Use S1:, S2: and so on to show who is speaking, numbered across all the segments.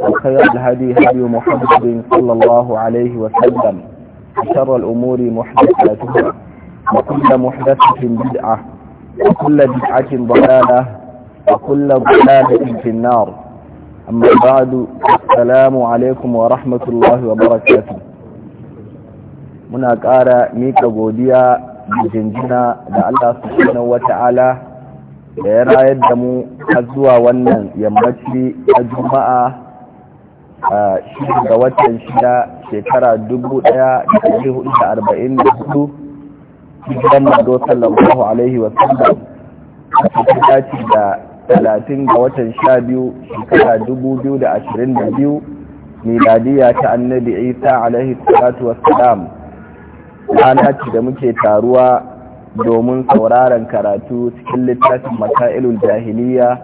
S1: وخير الهدي هدي محمد صلى الله عليه وسلم وشر الأمور محدثاتها وكل محدثة بدعة وكل بدعة ضلالة وكل ضلالة في النار أما بعد السلام عليكم ورحمة الله وبركاته muna ƙara ميكا بوديا بجنجنا jinjina سبحانه وتعالى subhanahu يرى da ya rayar da mu shi ga watan shida shekara 1444 cikin mado sallallahu alaihi wasallam a cikin da 30 ga watan sha biyu shekara 2022 miladiya ta annabi isa alaihi salatu wasalam rana ce da muke taruwa domin sauraron karatu cikin littafin masailul jahiliya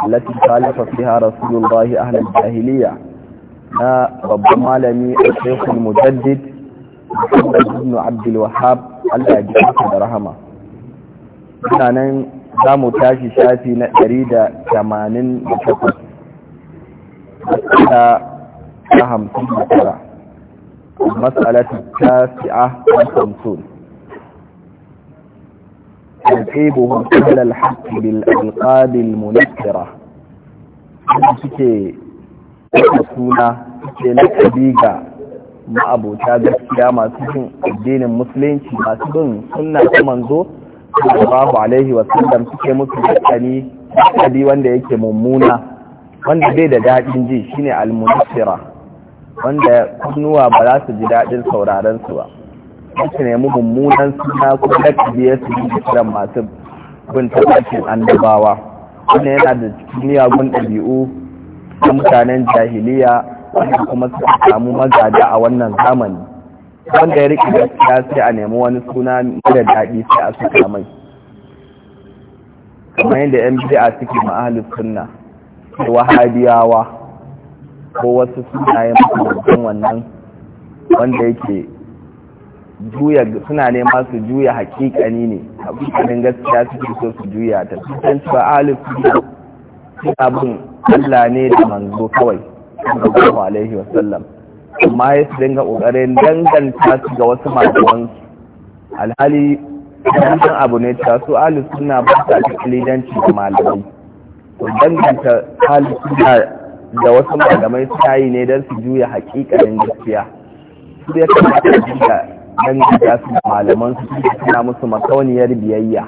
S1: التي خالف فيها رسول الله أهل jahiliya. لا آه، رب مالمي الشيخ المجدد محمد بن عبد الوهاب الأجهة الرحمة نحن نعم تاجي شاتي نريد كمانين بشكل آه، مسألة همسون مسألة التاسعة والخمسون تنقيبهم أهل الحق بالألقاب المنكرة wata suna ke lakabi ga ma'abota gaskiya masu bin addinin musulunci masu bin suna ta manzo sallallahu alaihi wa sallam suke musu dakani dakali wanda yake mummuna wanda bai da daɗin ji shine almunasira wanda kunnuwa ba za su ji daɗin sauraron su ba su nemi mummunan suna ko lakabi ya su yi kiran masu bin tabbacin annabawa wannan yana da cikin miyagun ɗabi'u da mutanen jahiliya wanda kuma
S2: suka samu
S1: magada a wannan zamani
S2: wanda ya riƙe gaskiya
S1: sai a nemi wani suna da daɗi sai a suka kamai kamar yadda yan bid'a suke ma'ahalin sunna wahabiyawa ko wasu sunayen mutum wannan wanda yake juya suna nema su juya hakikani ne a kusurin gaskiya suke so su juya ta sun ba ahalin sunna suna bin Allah ne da manzo kawai sallallahu alaihi wasallam amma ya dinga ƙoƙarin danganta su ga wasu malamansu alhali wannan abu ne ta su ahli sunna ba ta lidanci da malamai to danganta ahli sunna da wasu malamai yi ne dan su juya hakikanin gaskiya su ya kamata da danganta su malaman su suna musu makauniyar biyayya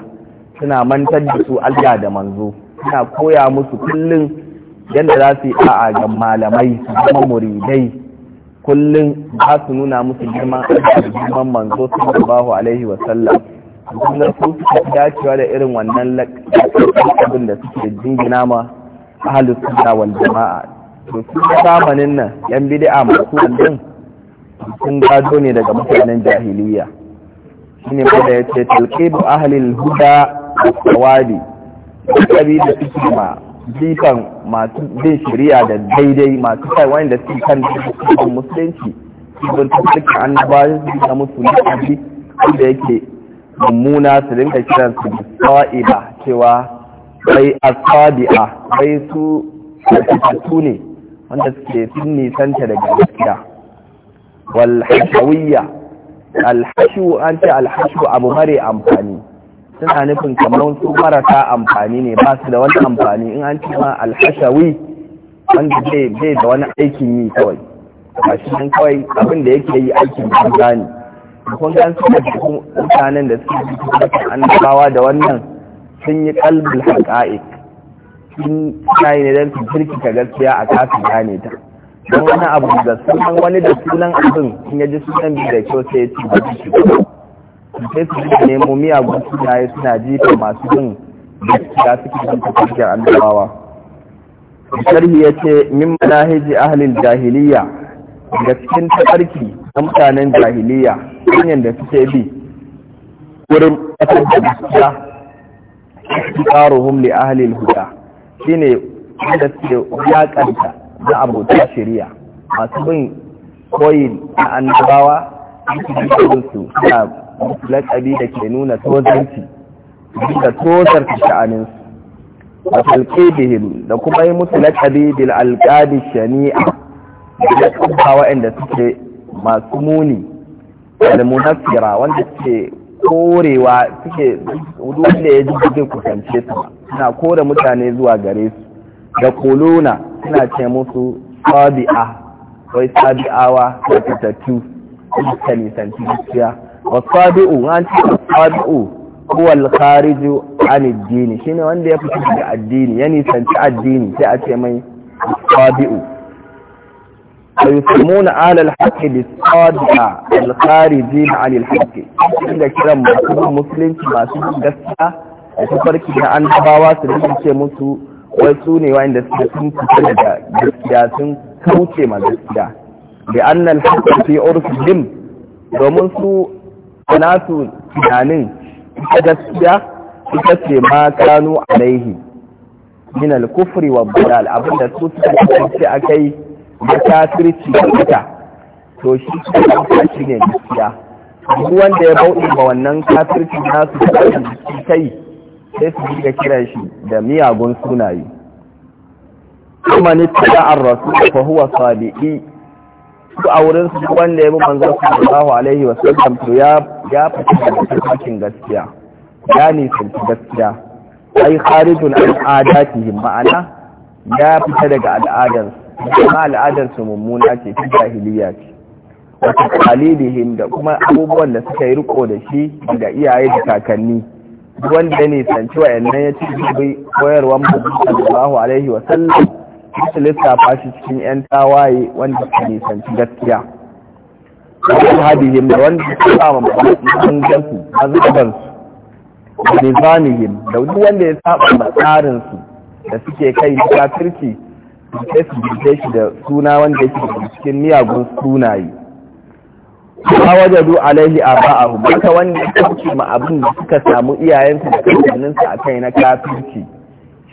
S1: suna mantar da su Allah da manzo suna koya musu kullum yadda za su yi a'a ga malamai su muridai kullum za su nuna musu girman aiki girman manzo bahu alaihi wa sallam kuma su suka dacewa da irin wannan abin da suke jingina ma ahlus sunna wal jama'a to su zamanin nan yan bid'a masu wannan sun gado ne daga mutanen jahiliya shine ma da yace talqibu ahlil huda wa sawabi kabi da suke ma jifan masu bin shari'a da daidai masu kai da suke kan dukkan musulunci sun ta suka ba su da musulunci wanda yake mummuna su rinka kiran su ba, cewa bai asabi'a bai su su ne wanda suke sun nisanta daga gaskiya wal hashawiyya alhashu an ce alhashu abu mare amfani suna nufin kamar su marasa amfani ne ba su da wani amfani in an cima alhashawi wanda zai da wani aikin yi kawai ba shi kawai abin da yake yi aikin banza ne kun gan su da mutanen da suke an annabawa da wannan sun yi kalbul haqa'iq sun yi ne don su ta gaskiya a kafin gane ta don wani abu da sunan wani da sunan abin in ya ji sunan bi da kyau sai ya ci da shi sai su nemo miyagun sunaye suna jifa masu bin gaskiya suke bin tafiyar annabawa sharhi ya ce min manahiji ahlil jahiliya daga cikin tafarki na mutanen jahiliya hanyar da suke bi wurin ƙasar da gaskiya ƙaruhum li ahlil huda shine wanda suke wulaƙanta na abota shari'a masu bin koyin na annabawa
S2: su suna
S1: laƙabi da ke nuna tozarci da sha'anin sha'aninsu wa talqibihim da kuma yi musu laƙabi bil alqabi shani'a da kuma wa'anda suke masu muni da munafira wanda suke korewa suke wanda ya ji zai kusance su suna kore mutane zuwa gare su da kuluna suna ce musu sabi'a wai sabi'awa da fitattu suka nisanci gaskiya wasabi'u an ce wasabi'u huwa al-khariju an ad-din shine wanda ya fita daga addini ya nisanci addini sai a ce mai wasabi'u ويسمون أهل الحق بالصادقة الخارجين عن الحق إذا كلام kiran masu musulunci masu gaskiya da farki da an tabawa su da ce musu wai su ne wa'inda suka sun fita da gaskiya sun kauce ma gaskiya da annal haqqi fi urfihim domin su nasu tunanin ita gaskiya ita ce ma kanu alaihi min al-kufri wa dalal abinda su suka a akai da kafirci da to shi kafirci ne gaskiya duk wanda ya bauɗe ba wannan kafirci su da kai sai su ji kiran shi da miyagun sunaye kuma ni a rasul fa huwa sabi'i su a wurin su wanda ya bi manzon sallallahu alaihi wa sallam to ya ya fita da cikin gaskiya ya ne gaskiya ai kharijun an adatihim ma'ana ya fita daga al'adar kuma al'adar su mummuna ce ta jahiliya ce wata kalilihim da kuma abubuwan da suka yi riko da shi daga iyaye da kakanni wanda ne sanci wa ya ci bi koyarwar mu sallallahu alaihi wa sallam masu littafa shi cikin 'yan tawaye wanda ka nisanci gaskiya
S2: wajen hadihim da
S1: wanda su sama mahangansu zubansu da nizamihim da wanda ya saba ma tsarinsu da suke kai na kafirci sai su jirge shi da suna wanda yake cikin miyagun sunaye ma wajadu alaihi aba'ahum haka wanda ya kauce ma abin da suka samu iyayensu da kakanninsu a kai na kafirci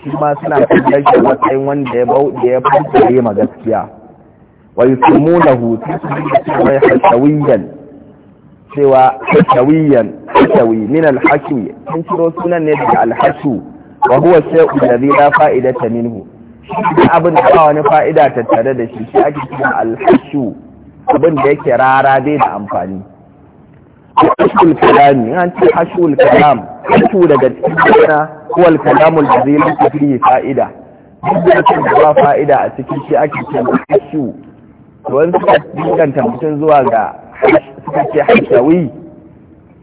S1: shi ma suna kallon shi matsayin wanda ya bauɗe ya fantare ma gaskiya wa yusumunahu sai hashawiyan cewa hashawiyan hashawi min alhaki sun ciro sunan ne daga alhashu wa huwa shay'u alladhi la fa'idata minhu
S2: shi abin da
S1: ba wani fa'ida tattare da shi shi ake cewa alhashu abin da yake rara bai da amfani
S2: hashul kalami
S1: an ce hashul kalam hashu daga cikin huwal kalamul ladhi laysa fihi fa'ida duk da kan ba fa'ida a cikin shi ake cewa hashu to wani suka dinganta mutum zuwa ga suka ce hashawi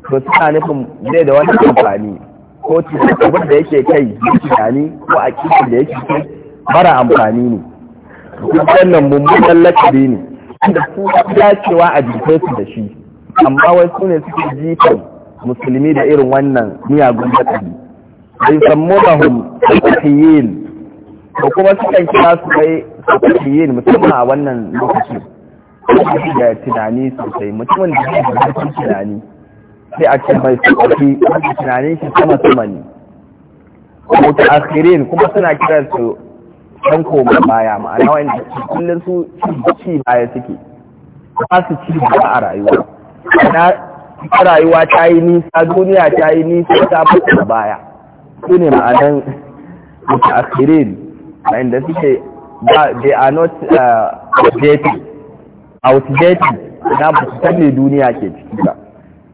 S1: to suna nufin zai da wani amfani ko cikin da yake kai tunani ko a cikin da yake kai mara amfani ne duk wannan mummunan lakabi ne inda su dacewa a jikinsu da shi amma su ne suke jifan musulmi da irin wannan miyagun lakabi
S2: bai sammunahum
S1: sahiyin ko kuma sukan kira su kai sahiyin musamman a wannan lokaci da tunani sosai mutumin da zai da tunani sai a ce mai sahiyi wanda tunanin shi sama sama ne mutaakhirin kuma suna kiran su dan koma baya ma'ana wanda kullum su ci baya suke ba su ci baya a rayuwa na rayuwa ta yi nisa duniya ta yi nisa ta fita baya su ne ma'anan a inda suke they are not uh, outdated outdated na ba su sanne duniya ke ciki ba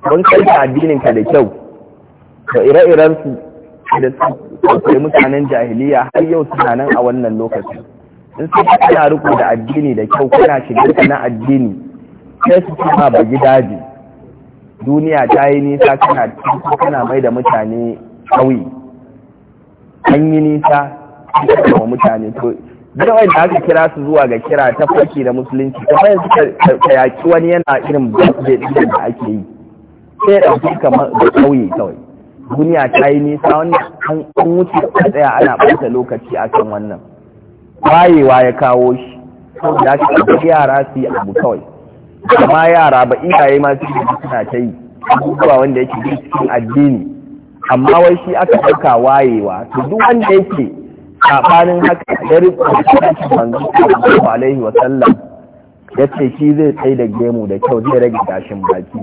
S1: don kai addinin ka da kyau to ire irensu da su mutanen jahiliya har yau suna nan a wannan lokacin in su kana riko da addini da kyau kana shigar na addini sai su kuma ba ji duniya ta yi nisa kana cikin kana mai da mutane ƙauye. an yi nisa wa mutane to dawai da aka kira su zuwa ga kira ta farki da musulunci ta fayar suka kayaki wani yana irin birthday din da ake yi sai da su kamar da kauye kawai duniya ta yi nisa wanda an wuce a tsaya ana ɓata lokaci akan wannan wayewa ya kawo shi da aka ɗauki yara su yi abu kawai amma yara ba iyaye ma su suna ta yi abubuwa wanda yake cikin addini amma wai shi aka ɗauka wayewa to duk wanda yake sabanin haka ya riƙa manzo sallallahu alaihi wa sallam ya ce shi zai tsaye da gemu da kyau zai rage gashin baki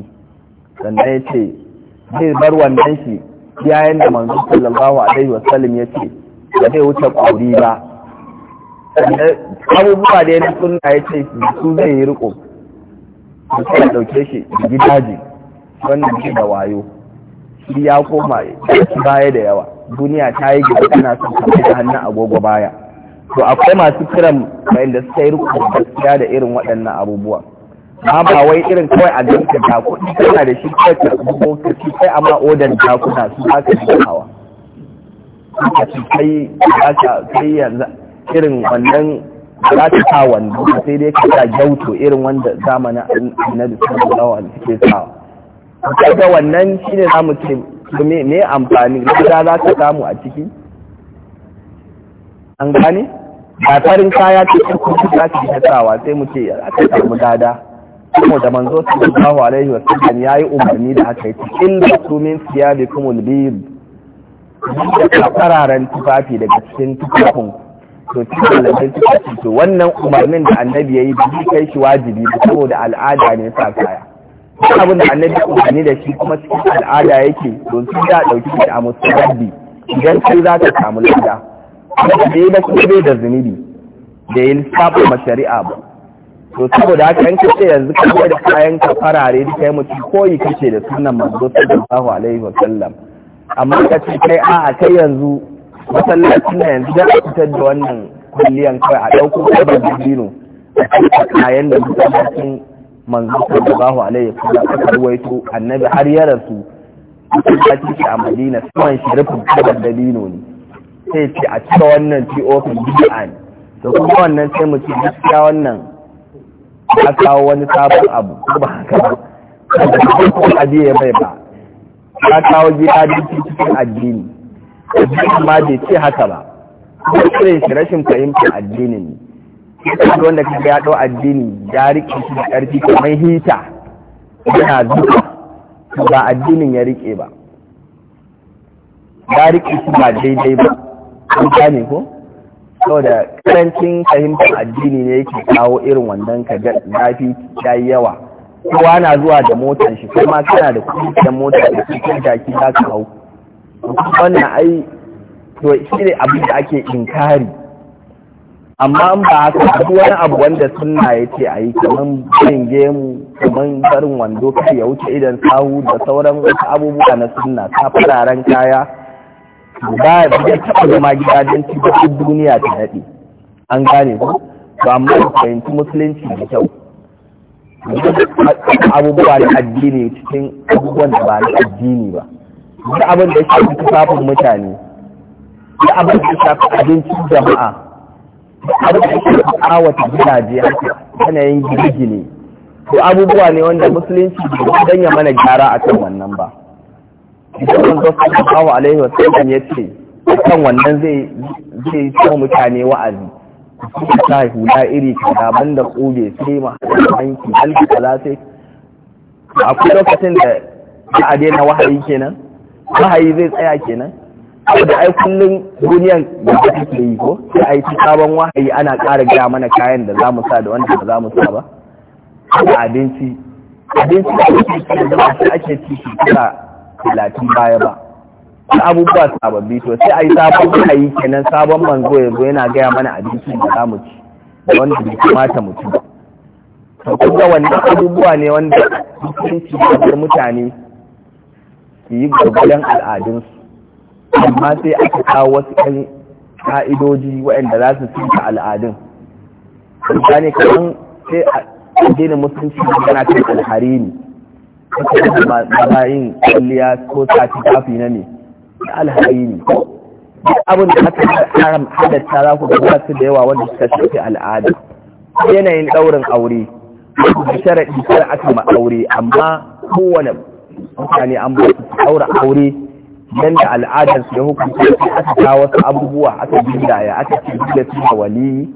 S1: sannan ya ce zai bar wannan shi yayin da manzo sallallahu alaihi wa sallam ya ce ba zai wuce ƙauri ba abubuwa da yana sunna ya ce su zai yi riƙo su ɗauke shi gidaje wannan shi da wayo shi ya koma baya da yawa duniya ta yi gida tana son kamar da hannun agogo baya to akwai masu kiran wanda suka yi rukun gaskiya da irin waɗannan abubuwa ma ba wai irin kawai a ganka da kuɗi kana da shi kawai ka rubo ka ci kai amma odan dakuna su ka ji hawa ka ci kai ka kai yanzu irin wannan za ta sa wanda sai dai ka sa gyautu irin wanda zamanin annabi sun da wasallam suke sawa kaga wannan shine zamu ce me me amfani gida za ka samu a ciki an gane ba farin kaya ce ko kuma za iya tsawa sai mu ce aka samu dada kuma da manzo sallallahu alaihi wasallam yayi umarni da haka yace illa tumin siyabikum albid da kararan tufafi daga cikin tufafin to cikin lalai tufafi to wannan umarnin da annabi yayi bai kai shi wajibi ba saboda al'ada ne sa kaya
S2: duk abin da annabi ya umarni
S1: da shi kuma cikin al'ada yake don su ya dauki da musulmi
S2: idan kai za ka samu lada da
S1: dai da kuma bai da zunubi da yin saba ma shari'a ba to saboda haka yanke ce yanzu ka da kayan ka farare da kai mutum koyi kace da sunan manzo sallallahu alaihi wa sallam amma ka ce kai a'a kai yanzu masallacin na yanzu da fitar da wannan kulliyan kawai a ɗauko kabar dino a kayan da mutum manzo sallallahu alaihi wasallam aka ruwaito annabi har ya rasu a cikin a madina shi shirifin da dalino ne sai ce a cika wannan tofin bid'a ne to kuma wannan sai mu ce gaskiya wannan ya kawo wani sabon abu ko ba haka ba kada ko aje ya bai ba ya kawo gida da cikin addini
S2: addini ma bai ce haka ba ko shi rashin fahimtar
S1: addinin ne duk wanda ka ya ɗau addini ya riƙe shi da ƙarfi kamar hita yana duka ba addinin ya riƙe ba
S2: ya riƙe shi ba daidai ba
S1: an gane ko saboda karancin fahimtar addini ne yake kawo irin wannan ka ga zafi ya yi yawa kowa na zuwa da motar shi kuma kana da kuɗi da mota da cikin jaki za ka hau wannan ai to shi ne abin da ake inkari amma an ba haka duk wani abu wanda sunna ya ce a yi kamar barin gemu kamar barin wando kai ya wuce idan sahu da sauran wasu abubuwa na sunna ta fararen kaya ba ya taɓa zama gida don cikin duniya ta daɗe an gane ku ba amma da fahimci musulunci da kyau abubuwa da addini cikin abubuwan da ba na addini ba duk abin da ya shafi tufafin mutane duk abin da ya shafi abincin jama'a abin da ake awata gidaje haka yanayin gine-gine to abubuwa ne wanda musulunci ba su ya mana gyara a kan wannan ba idan manzo sallallahu alaihi wasallam ya ce kan wannan zai zai sa mutane wa'azi su ta hula iri kaza banda kobe sai ma hanki halki kala sai akwai lokacin da
S2: za a daina wahayi kenan wahayi
S1: zai tsaya kenan da ai kullum duniyan da ta take yi ko sai ai ta sabon wahayi ana ƙara gaya mana kayan da za mu sa da wanda ba za mu sa ba da abinci abinci da ake ci da ba ake ci da talatin baya ba da abubuwa sababbi to sai ai sabon wahayi kenan sabon manzo yanzu yana gaya mana abinci da za mu ci da wanda bai kamata mu ci ba to kuma wannan abubuwa ne wanda ci da mutane su yi gwargwadon al'adunsu amma sai aka kawo wasu ɗan ka'idoji waɗanda za su cika al'adun ne kamar sai a addinin musulunci yana kan alhari ne ba yin kwalliya ko sati kafi na ne da alhari ne abin da aka halatta za ku gaba su da yawa wanda suka shafi al'ada yanayin ɗaurin aure da sharaɗi kar aka ma aure amma kowane mutane an ba su ɗaura aure yanda al'adar su ya hukunta sai aka kawo wasu abubuwa aka ya aka ce da su da wali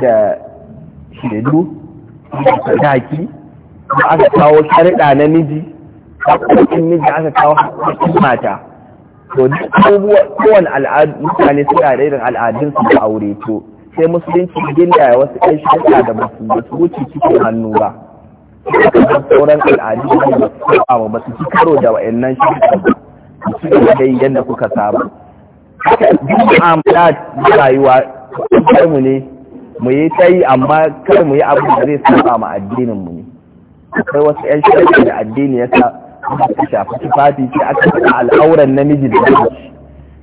S1: da shaidu da sadaki kuma aka kawo sharɗa na miji haƙoƙin miji aka kawo haƙƙin mata to duk abubuwa kowane al'adu mutane suna da irin al'adun su da aure to sai musulunci gindaya wasu ɗan shi da basu wuce cikin hannu ba sauran al'adu da ba ba su ci karo da wa'annan shi su da dai yadda kuka saba haka duk amfana da rayuwa kar mu ne mu yi ta yi amma kar mu yi abu da zai saba ma addinin mu ne akwai wasu yan shirka da addini ya sa su shafi tufafi ce aka faɗa al'auran namiji da namiji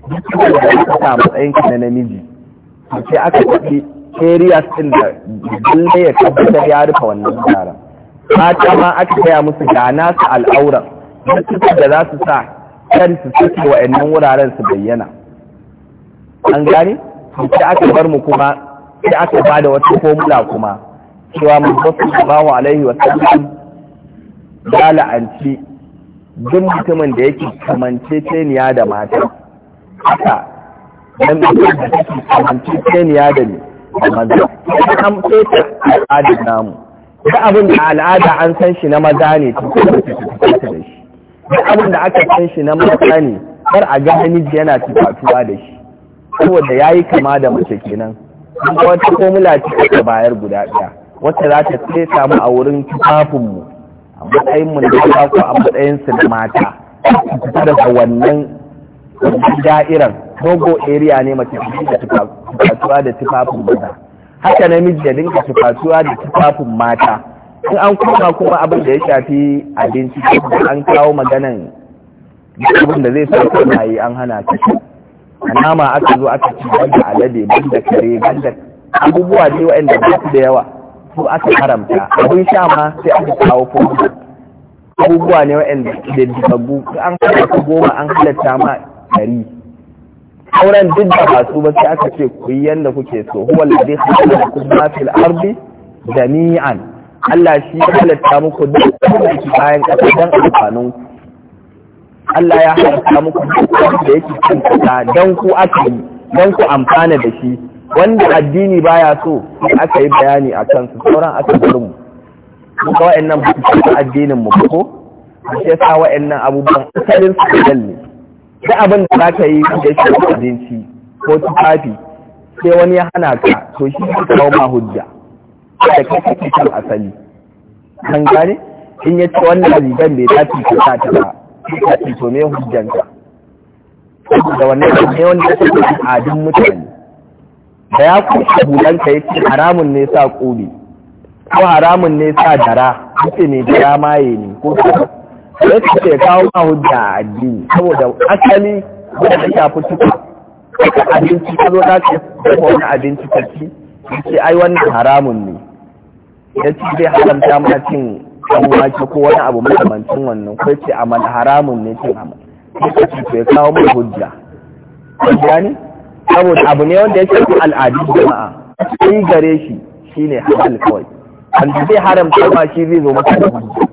S2: duk da ya sa
S1: matsayin ka na namiji sai aka faɗi areas ɗin da dole ya tabbatar ya rufe wannan yaran mata ma aka gaya musu ga nasu al'auran duk da za su sa
S2: su suke wa'annan
S1: wuraren su bayyana an gane sai aka bar mu kuma sai aka ba da wata formula kuma cewa mu sallallahu alaihi wa sallam ya la'anci duk mutumin da yake kamanceceniya da mata haka dan mutum da yake kamanceceniya da ni da maza an feta da namu duk abin da al'ada an san shi na maza ne da shi duk abin da aka san shi na maza ne kar a ga namiji yana tufatuwa da shi saboda ya yi kama da mace kenan kuma wata komula ce ta bayar guda ɗaya wata za ta sai samu a wurin tufafinmu a matsayinmu da ta ko a matsayinsu da mata daga wannan da'irar dogo area ne mace da tufatuwa da tufafin maza haka namiji da dinka tufatuwa da tufafin mata in an koma kuma abin da ya shafi abinci da an kawo maganan
S2: abin da zai sauka na
S1: yi an hana ta a nama aka zo aka ci banda alade banda kare banda abubuwa ne waɗanda ba su da yawa su aka haramta abin sha ma sai aka kawo kuma abubuwa ne waɗanda da dubabbu an kawo goma an halatta ma ɗari auren duk da masu ba sai aka ce ku yi yanda kuke so huwa ladhi khalaqakum ma fil ardi jami'an Allah shi ya halatta muku duk da yake bayan kasa dan amfanin ku Allah ya halatta muku duk da yake cikin kasa dan ku aka yi dan ku amfana da shi wanda addini baya so aka yi bayani a kansu sauran aka bar mu
S2: kuma wa'annan ba su
S1: addinin mu ko shi yasa wa'annan abubuwan asalin su ne duk abin da za ka yi da shi abinci ko tufafi sai wani ya hana ka to shi ya kawo ma hujja da ka kake kan asali kan gane in ya ce wannan rigan bai dace ka sa ta ba ka ce to me ka. da wannan ne wanda ya ce al'adun mutane da ya kuma abulanka ya ce haramun ne sa ƙobi ko haramun ne sa dara ce ne dara maye ne ko ya ce kawo ma hujja a addini saboda asali ba ta shafi tuka abinci ta zo ta ce ko wani abinci ta ci ya ce ai wannan haramun ne ya ce zai haramta ma cin an wake ko wani abu makamancin wannan ko ya ce amal haramun ne cin amma ya ce ke kawo ma hujja hujja ne saboda abu ne wanda ya shafi al'adu jama'a cikin gare shi shine halal kawai wanda zai haramta ma shi zai zo maka da hujja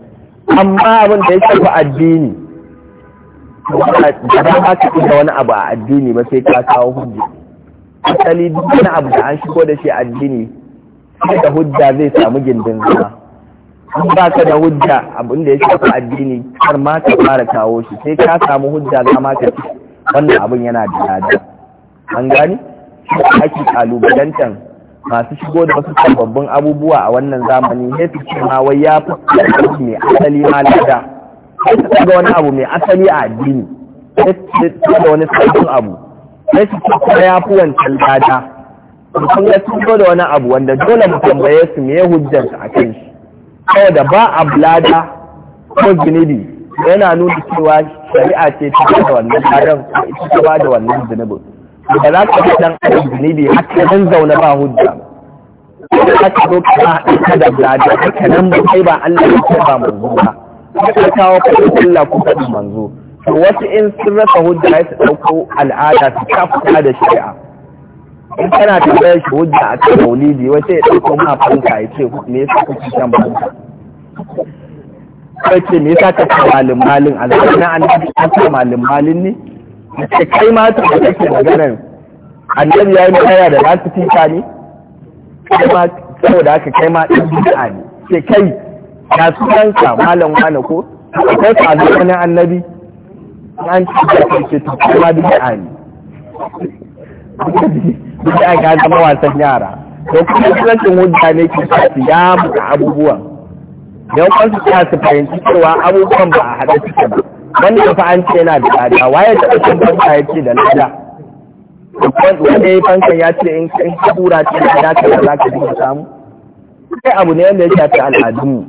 S1: amma abin da ya shafi addini
S2: ba za ka da wani
S1: abu a addini ba sai ka kawo hujja asali duk wani abu da an shigo da shi addini sai da hujja zai samu gindin zama in ba ka da hujja abin da ya shafi addini har ma ka fara kawo shi sai ka samu hujja za ma ka ci wannan abin yana da lada an gani ake kalubalantan masu shigo da wasu sababbin abubuwa a wannan zamani ne ce ma wai ya fi mai asali ma lada sai su daga wani abu mai asali a addini sai su daga wani sabbin abu sai su ce kuma ya fi wancan lada mutum ya sun da wani abu wanda dole mu tambaye su me hujjarsa a kan shi saboda ba abu lada ko zunubi yana nuna cewa shari'a ce ta ba da wannan ladan ita ta ba da wannan zunubin ba za ka yi dan adam zunubi haka dan zauna ba hujja ka zo ka haɗa ka da blada haka nan ba kai ba Allah ya ce ba manzo ba ka kawo faɗin Allah ko faɗin manzo to wasu in sun rasa hujja ya su ɗauko al'ada su kafa da shari'a in kana tambayar shi hujja a kan maulidi wata ya ɗauko ma fanka ya ce me yasa kuke shan fanka
S2: kai ce me yasa ka ce malin malin alhaji na annabi an ce malin malin ne da kai mata da kake maganar
S1: annabi ya yi magana da nasu fita ne kai ma saboda haka kai ma ɗan bid'a ne Ke kai na sunanka malam wane ko akwai sabo wani annabi an ci da kai ce ta kai ma bid'a ne bid'a ga zama wasan yara da kuma rashin hujja ne ke sa su ya buga abubuwan don kwanci su fahimci cewa abubuwan ba a haɗa suke ba wannan fa an ce yana da lada waye da cikin banka ya ce da lada wanda ya fankan ya ce in ka tura ce da lada ka za ka dinga samu sai abu ne wanda ya shafi al'adun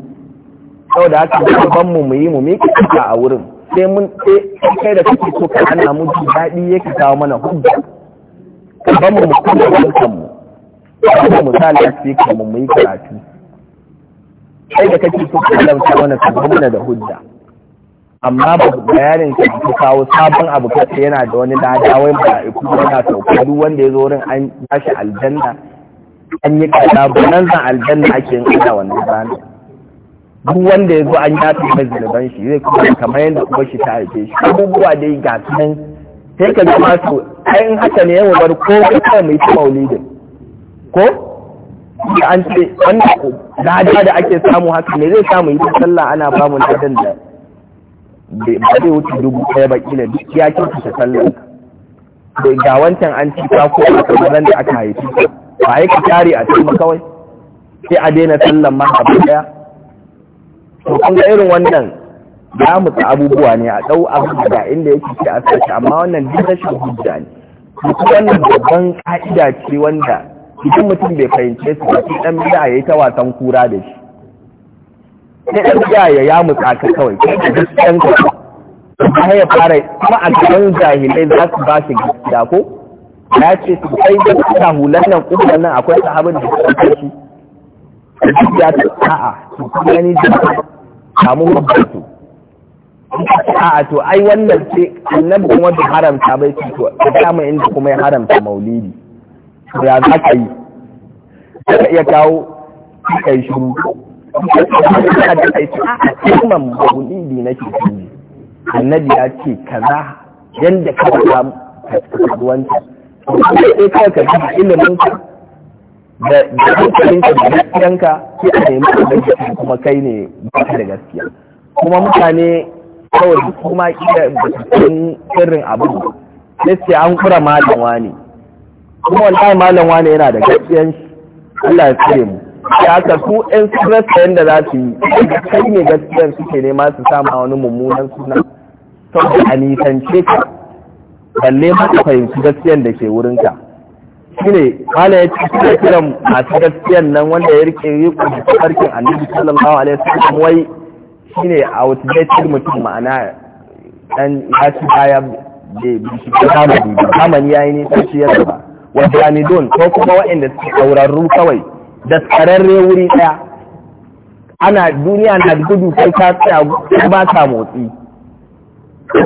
S1: sau da haka da ban mu mu yi mu miƙe kasa a wurin sai mun sai kai da kake so ka ana mu ji daɗi yake kawo mana hujja
S2: ka ban mu mutum kuma bankan
S1: mu ba mu sa sai ka mu yi karatu
S2: kai da kake so ka halarta mana ka mana da
S1: hujja amma ba bayanin ka kawo sabon abu kace yana da wani lada wai mala'iku yana sauka duk wanda ya zo wurin an bashi aljanna an yi kaza nan zan aljanna ake yin wanda ba ne duk wanda ya zo an yafi mai zunuban shi zai kuma kamar yadda kuma shi ta haife shi abubuwa dai ga nan sai ka zama su ayin haka ne yawa bar ko ka kawai mai ta maulidin ko an ce wannan lada da ake samu haka ne zai samu yi ta sallah ana bamu mu da ba zai wuce dubu ɗaya ba kila duk ya ta sallar Da ga wancan an ci ta ko a kamar da aka haifi ba ya ka tare a cikin kawai sai a daina sallar ma a ɗaya to kun ga irin wannan ya mutsa abubuwa ne a ɗau abu da inda yake ce a sashi amma wannan duk rashin hujja ne kuma wannan babban ka'ida ce wanda idan mutum bai fahimce su ba shi ɗan bida ya yi ta wasan kura da shi sai ɗan ja ya ya mutsa ka kawai ɗan ka ta ya fara kuma a gaban jahilai za su ba shi gaskiya ko ya ce su kai da ta hulan nan kuma nan akwai sahabin da suka kai shi ya ta a'a su kuma ni da samu hukunci a'a to ai wannan ce annabi kuma bai haramta bai ce to dama inda kuma ya haramta maulidi to ya za ka yi ka iya kawo kai shiru
S2: a cikin
S1: maulidi nake tunji annabi ya ce kaza yadda ka faɗa kasuwanta sai kawai ka bi ilimin ka
S2: da hankalinka da gaskiyanka sai a nemi abinci
S1: kuma kai ne baka da gaskiya kuma mutane kawai kuma
S2: iya batun
S1: sirrin abin sai sai an kura malam wani kuma wallahi malam wani yana da gaskiyan shi Allah ya tsare mu ya haka su ɗan rasa da za su yi kai ne gaskiyar suke nema su sama wani mummunan suna sau da a nisance ka balle ma ka fahimci gaskiyar da ke wurinka ne kala ya ci suna kiran masu gaskiyar nan wanda ya rike yi da farkin annabi sallallahu alaihi wasallam wai shine a outdated mutum ma'ana dan ya ci baya bai shiga kama zamani ya yi nisan shi ya ba ni don? ko kuma waɗanda suke aurarru kawai da tsararre wuri ɗaya ana duniya na gudu sai ta tsaya ba ta motsi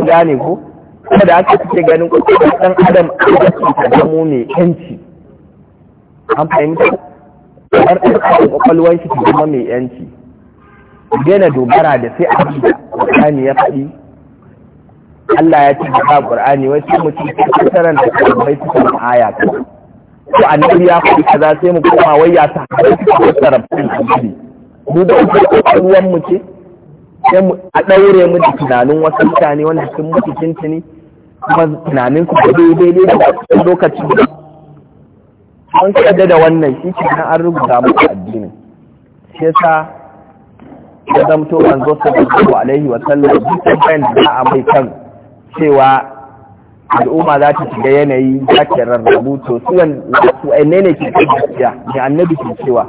S1: gane ko da aka suke ganin kwakwalwar ɗan adam a yake ta mu mai yanci an fahimta ɗan ɗan adam kwakwalwar shi kuma mai yanci daina dogara da sai a da ya faɗi Allah ya ce ba ƙur'ani wai sai mutum ke tsaran da kalmai suka aya ta a nan ya kuɗi kaza sai mu koma wai ya ta sarrafa annabi mu da ruwan mu ce sai mu a daure mu da tunanin wasu mutane wanda sun mutu tuntuni kuma tunanin su ba daidai da wasu lokacin da an kaɗa da wannan shi ke an rubuta muku addinin shi yasa ya zamto manzo sallallahu alaihi wa sallam duk bayan da za a mai kan cewa al'umma za ta shiga yanayi za ta rarrabu to suwan su ne ne ke gaskiya ne annabi ke cewa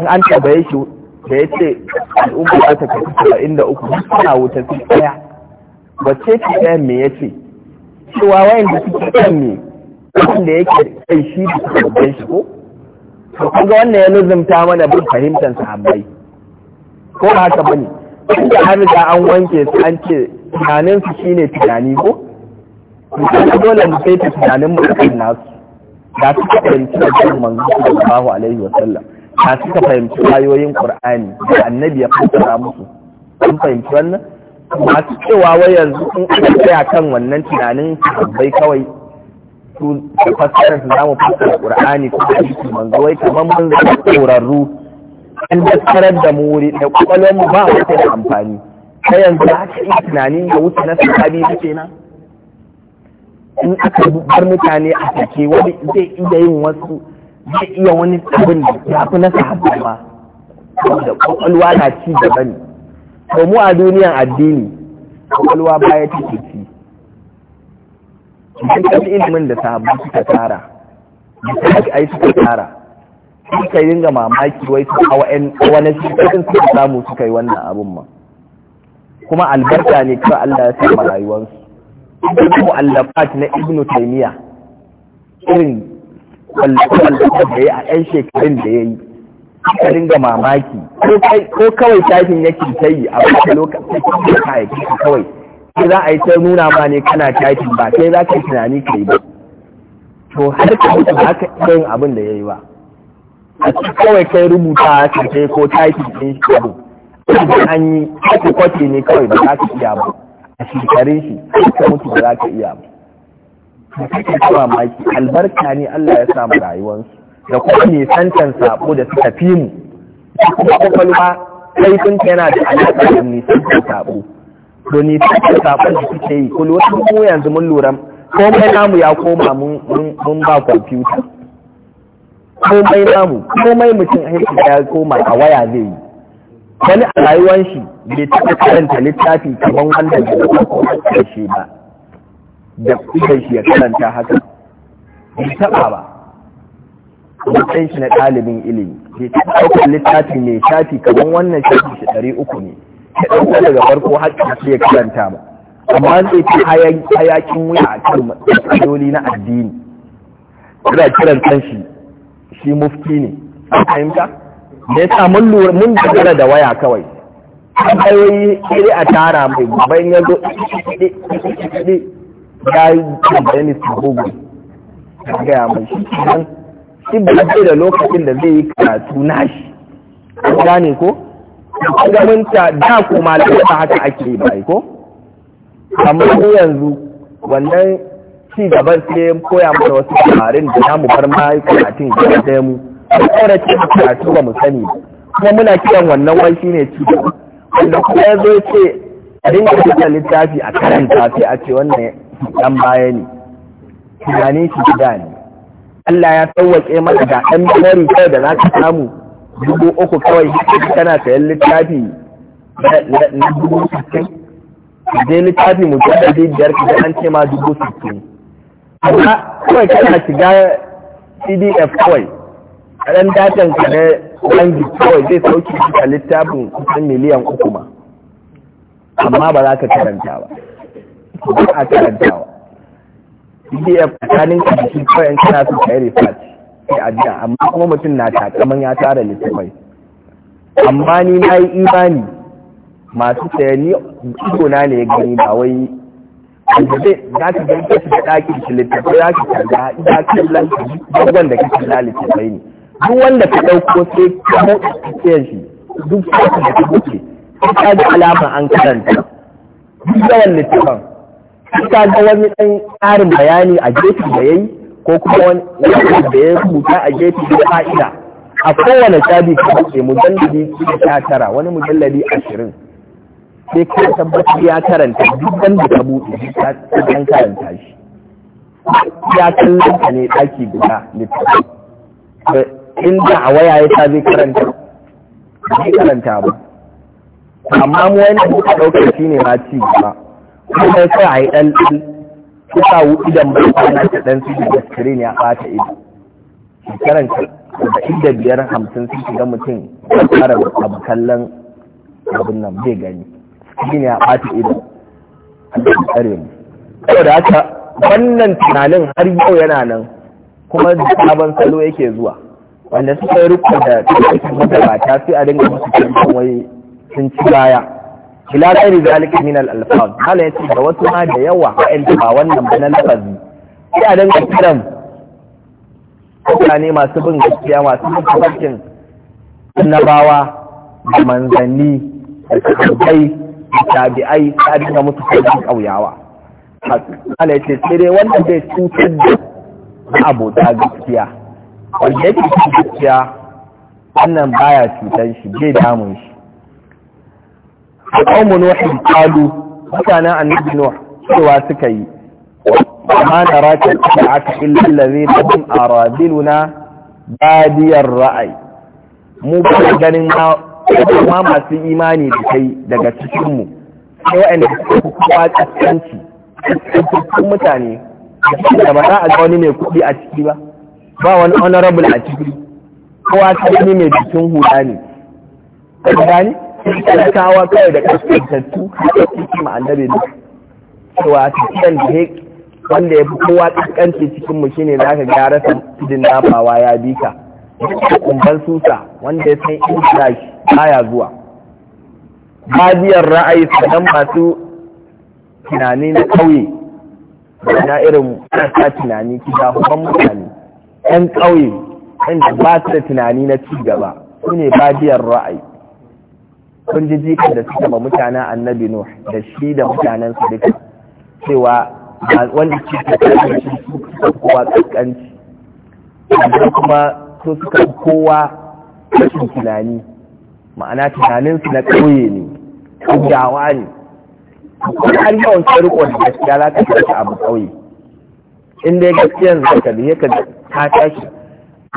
S1: in an tambaye shi da ya ce al'umma za ta kasu saba'in da uku suna wuta su ɗaya wacce ce ɗaya me ya ce cewa wayan da suke ɗayan me wanda yake kai shi da suka gaban shi ko to kun ga wannan ya nuzumta mana bin fahimtar sahabbai ko ba haka bane inda an riga an wanke su an ce tunaninsu shine tunani ko mutane dole mu sai ta tunanin mu kan nasu da suka fahimci da manzo sallallahu alaihi wasallam da suka fahimci ayoyin qur'ani da annabi ya fassara musu Sun fahimci wannan masu cewa wai yanzu sun aka tsaya kan wannan tunanin sahabbai kawai su da fassara su zamu fassara qur'ani ko hadisi manzo wai kamar mun zama tsorarru an daskarar da mu wuri da kwakwalwar mu ba wata da amfani ta yanzu haka yi tunani ya wuce na sahabi kake na in aka bar mutane a sake wani zai iya yin wasu zai iya wani abin da ya fi na sahabba ba wanda kwakwalwa na ci gaba ne to mu a duniyan addini kwakwalwa baya take ci idan ka ilimin da sahabba suka tara da haka ai suka tara suka yi ga mamaki wai su a wani shekarun suka samu suka yi wannan abin ma kuma albarka ne kawai Allah ya sa rayuwarsu da mu'allafat na ibn taymiya irin wallafa da ya a yan shekarun da ya yi ka mamaki ko kawai tashin yake ta yi a wata lokacin da ka kika kawai sai za a yi ta nuna ma ne kana tashin ba sai za ka yi tunani ka yi ba to har ka mutu ba ka irin abin da ya yi ba a cikin kawai kai rubuta ka ko tashin ɗin shi abu an yi kwace ne kawai ba za ka iya ba a shekare shi ka mutu da za ka iya ba kake cewa maki albarka ne Allah ya samu rayuwarsu da kuma santan sabo da suka fi mu
S2: kuma kwakwalwa laifinka
S1: yana da alaƙa da nisantan sabo don nisantan sabon da suke yi kullum wasu mu yanzu mun lura komai namu ya koma mun ba kwamfuta komai namu komai mutum aiki ya koma a waya zai yi wani a rayuwar shi bai taɓa karanta littafi kamar wanda da ya shi ba da kusan shi ya karanta haka bai taɓa ba matsayin shi na ɗalibin ilimi bai taɓa ɗaukar littafi mai shafi kamar wannan shafi shi ɗari uku ne ya ɗauka daga farko haƙƙi shi ya karanta ba amma zai fi hayakin wuya a kan matsaloli na addini
S2: Kira kiran kanshi
S1: shi mufti ne a fahimta da ya sa mun lura mun da waya kawai ayoyi iri a tara mai bayan ya zo ɗi ya yi kamfani su Ya gaya mai shi kenan shi ba zai da lokacin da zai yi karatu nashi an gane ko gaminta da kuma lafiya ba haka ake ba ko amma yanzu wannan ci gaban sai koya mana wasu dabarun da za mu bar ma karatun gaba ɗaya mu a ƙaurace karatu ba mu sani ba kuma muna kiran wannan wai ne ci gaba wanda kuma ya zo ce a dinga rubuta littafi a karanta sai a ce wannan dan baya ne tunanin shi gida ne Allah ya tsawwake maka ga ɗan memory kai da za ka samu dubu uku kawai kana sayan littafi na dubu sittin je littafi mu mujallabi biyar ka an ce ma dubu sittin amma kawai kana shiga pdf kawai kaɗan datan ka na bangi kawai zai sauki shi a littafin kusan miliyan uku ma amma ba za ka karanta ba ba a karantawa pdf e tsakanin ka da shi kawai yan kana su ka yi research sai a amma kuma mutum na takaman ya tara littafai amma ni na yi imani masu saya ni na ne ya gani ba wai wanda za ka gani kashi da ɗakin shi littafai za ka karga ina kallon ka duk wanda kake lalata littafai ne duk wanda ka ɗauko sai ka motsa tafiyar shi duk sai da ka buke sai ka ga alama an karanta duk yawan littafan sai ka ga wani ɗan ƙarin bayani a gefe da ya ko kuma wani da ya rubuta a gefe da fa'ida a kowane shabi ka buɗe mujalladi sha tara wani mujalladi ashirin sai ka tabbatar ya karanta duk wanda ka buɗe ɗan karanta shi ya kallon ne ɗaki guda littafin inda a waya ya sa zai karanta zai karanta ba amma mu wani da ka ɗaukar shi ne ma ci ba kuma sai a yi ɗan su sa idan ba ta na ta ɗan su da screen ya ɓata ido karanta da inda biyar hamsin sun shiga mutum ya fara abu kallon abin nan bai gani screen ya ɓata ido a ɗan tsare mu saboda haka wannan tunanin har yau yana nan kuma sabon salo yake zuwa wanda suka yi rukun da cikin ta sai a dinga musu cikin wai sun ci baya ila gairi zalika min minal alfaz hala ce, da wasu ma da yawa a yan ba wannan ba na lafazi sai a dinga kiran mutane masu bin gaskiya masu bin tabbacin annabawa da manzanni da sahabbai da tabi'ai a dinga musu sauƙin ƙauyawa hala ce, sai dai wannan zai cutar da abota gaskiya wanda yake cikin gaskiya wannan baya cutar shi bai damun shi a ƙaunar nuhin kalu mutanen annabi nuh cewa suka yi amma na rakin da aka illallazi da hum na badiyar ra'ayi mu kuma ganin ma masu imani da kai daga cikinmu sai wa'anda suka kuma kaskanci cikin mutane da ba za a ga wani mai kuɗi a ciki ba ba wani honorable a ciki kowa kalmi mai bikin hula ne gani talakawa kawai da kaskantattu haka cikin ma'andabe ne cewa tafiyan da hek wanda ya fi kowa kankanci cikin mu shine za ka gara sa cikin dafawa ya bi ka kumbar susa wanda ya san shi baya zuwa babiyar ra'ayi sannan masu tunani na kauye na irin sa tunani kidahuban mutane 'yan ƙauye inda ba su da tunani na ci gaba su ne badiyar ra'ayi sun ji jikin da suka ma mutanen annabi nuh da shi da mutanen su duka cewa wanda ci ta shi su suka kowa tsakanci amma kuma su suka kowa rashin tunani ma'ana tunaninsu na ƙauye ne ƙauyawa ne kuma har yawan sarƙon da gaskiya za ka abu ƙauye in dai gaskiyan zaka da yaka ka tashi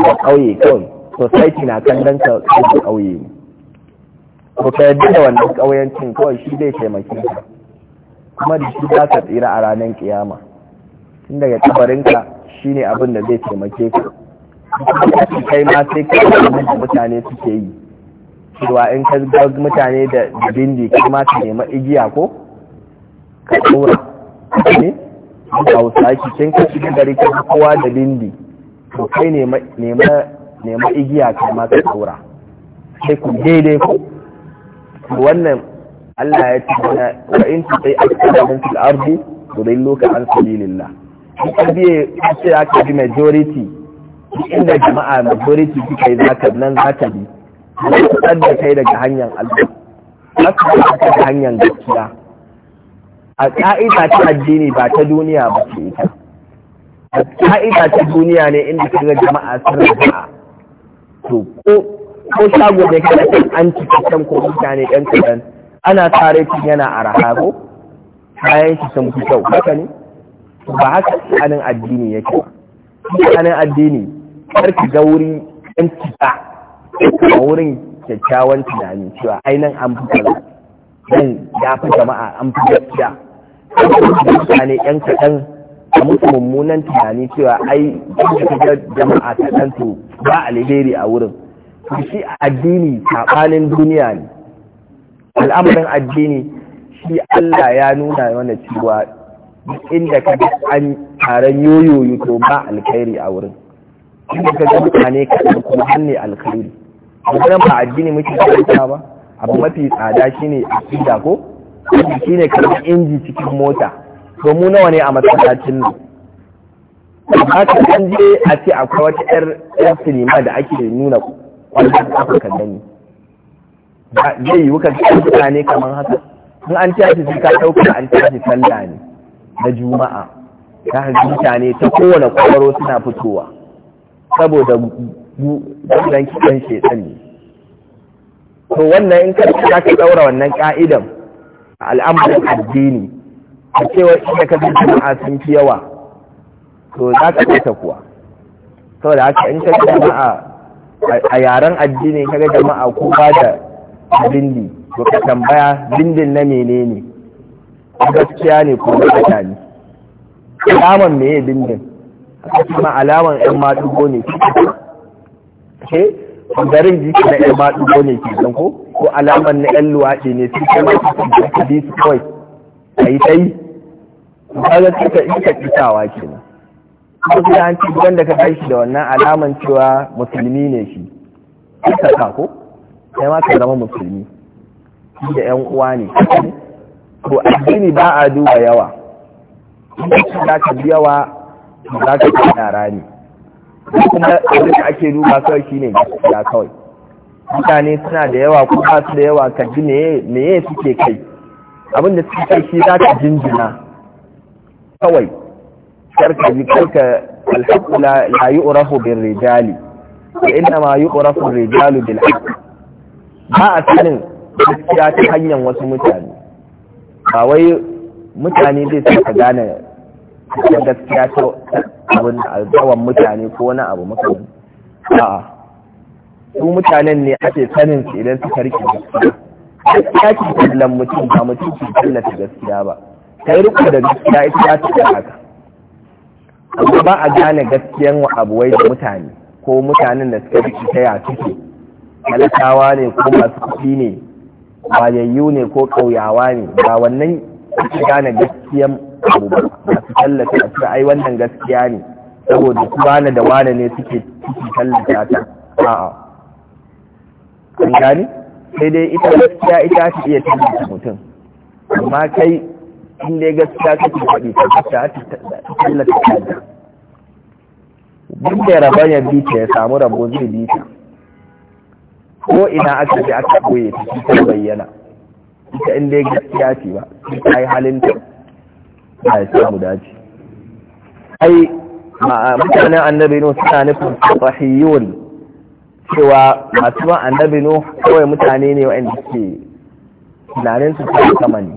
S1: da ƙauye kawai society na kallon ka da ƙauye ne ko ka yadda da wannan ƙauyancin kawai shi zai taimaki ka kuma da shi za ka tsira a ranar kiyama tun daga shi shine abin da zai taimake ka kai ma sai ka da mutane suke yi cewa in ka ga mutane da bindi kai ma ka nema igiya ko ka tsora ne da hausa ake kin ka shiga gari ka kowa da bindi to kai nema igiya kai ma ka saura
S2: sai ku daidai ku
S1: wannan Allah ya ce wa in ta sai aka min fil ardi yudilluka an sabilillah ka biye ce aka bi majority
S2: inda jama'a
S1: majority kika yi zaka nan zaka bi ka tsada kai daga hanyar
S2: Allah ka da hanyar gaskiya
S1: a ƙa'ida ta addini ba ta duniya ba ce ita a ƙa'ida ta duniya ne inda ka ga jama'a sun raja'a to ko ko shago ka kada kan an ci can, ko mutane ɗan kaɗan ana tare shi yana araha ko kayan shi sun fi kyau haka ne ba haka tsanin addini yake ba tsanin addini kar ki ga wuri ɗan cika a wurin kyakkyawan tunani cewa ainihin an fi kala, ɗan ya fi jama'a an fi gaskiya mutane yan kaɗan a musu mummunan tunani cewa ai da jama'a ta su, ba alheri a wurin shi addini saɓanin duniya ne al'amarin addini shi Allah ya nuna wani cewa inda ka ga an taron yoyoyo to ba alkhairi a wurin inda ka ga mutane kaɗan kuma hannu alkhairi a ba addini muke ba abu mafi tsada shine a ko wanda shi ne karɓar inji cikin mota to mu nawa ne a masallacin nan ba ka kan je a ce akwai wata yar sinima da ake nuna kwallon kafa ka gani zai yi wuka kuka ne kamar haka in an tashi sai ka ɗauka an tashi sallah ne na juma'a ta hajjita ne ta kowane kwaro suna fitowa saboda gudan kiɗan shetan ne to wannan in ka za ka ɗaura wannan ka'idan al'amuran addini a cewa inda ka zai jama'a sun fi yawa to za ka kasa kuwa saboda haka in ka jama'a a yaren addini kaga jama'a ko ba da bindi to ka tambaya bindin na ne a gaskiya ne ko gaskiya ne alaman meye bindin haka kuma alaman yan madugo ne ke garin jiki na yan maɗu ko ne ke ko ko alamar na yan luwaɗe ne su kuma da ka bi su kawai a yi ta yi kaga suka ita ke nan. ko ya hanci ci da ka kai shi da wannan alaman cewa musulmi ne shi ka ka ko sai ma ka zama musulmi shi da yan uwa ne ko addini ba a duba yawa in ka ka yawa za ka yara ne kuma abin da ake duba kawai shi ne ya kawai mutane suna da yawa ko ba su da yawa kaji me meye suke kai abin da suke kai shi za ka jinjina kawai karka ji karka alhaƙu la yu'rafu bin rijali wa ina ma yu'rafu rijalu bin haqq ba a sanin gaskiya ta hanyar wasu mutane ba wai mutane zai sa ka gane gaskiya ta abin albawan mutane ko wani abu makamin a'a su mutanen ne ake sanin su idan suka rike gaskiya gaskiya ke kallon mutum ba mutum ke tallata gaskiya ba kai riko da gaskiya ita ya ta haka amma ba a gane gaskiyan wa abuwai da mutane ko mutanen da suka rike ta ya suke talakawa ne ko masu kuɗi ne wayayyu ne ko ƙauyawa ne ba wannan ake gane gaskiyan abu ba tallata ta ce ai wannan gaskiya ne saboda bana da wane ne suke suke tallata ta a'a an gani sai dai ita gaskiya ita ce iya tallata mutum amma kai in dai gaskiya kake faɗi ta tallata kanta duk da rabon ya bi ta ya samu rabo zai bi ta ko ina aka ji aka koye ta ta bayyana ita in dai gaskiya ce ba ta yi halinta ba ya samu dace ai mutanen annabi nuh suna nufin sahihiyun cewa masu ban annabi nuh kawai mutane ne wa'anda ke tunanin su ta sama ne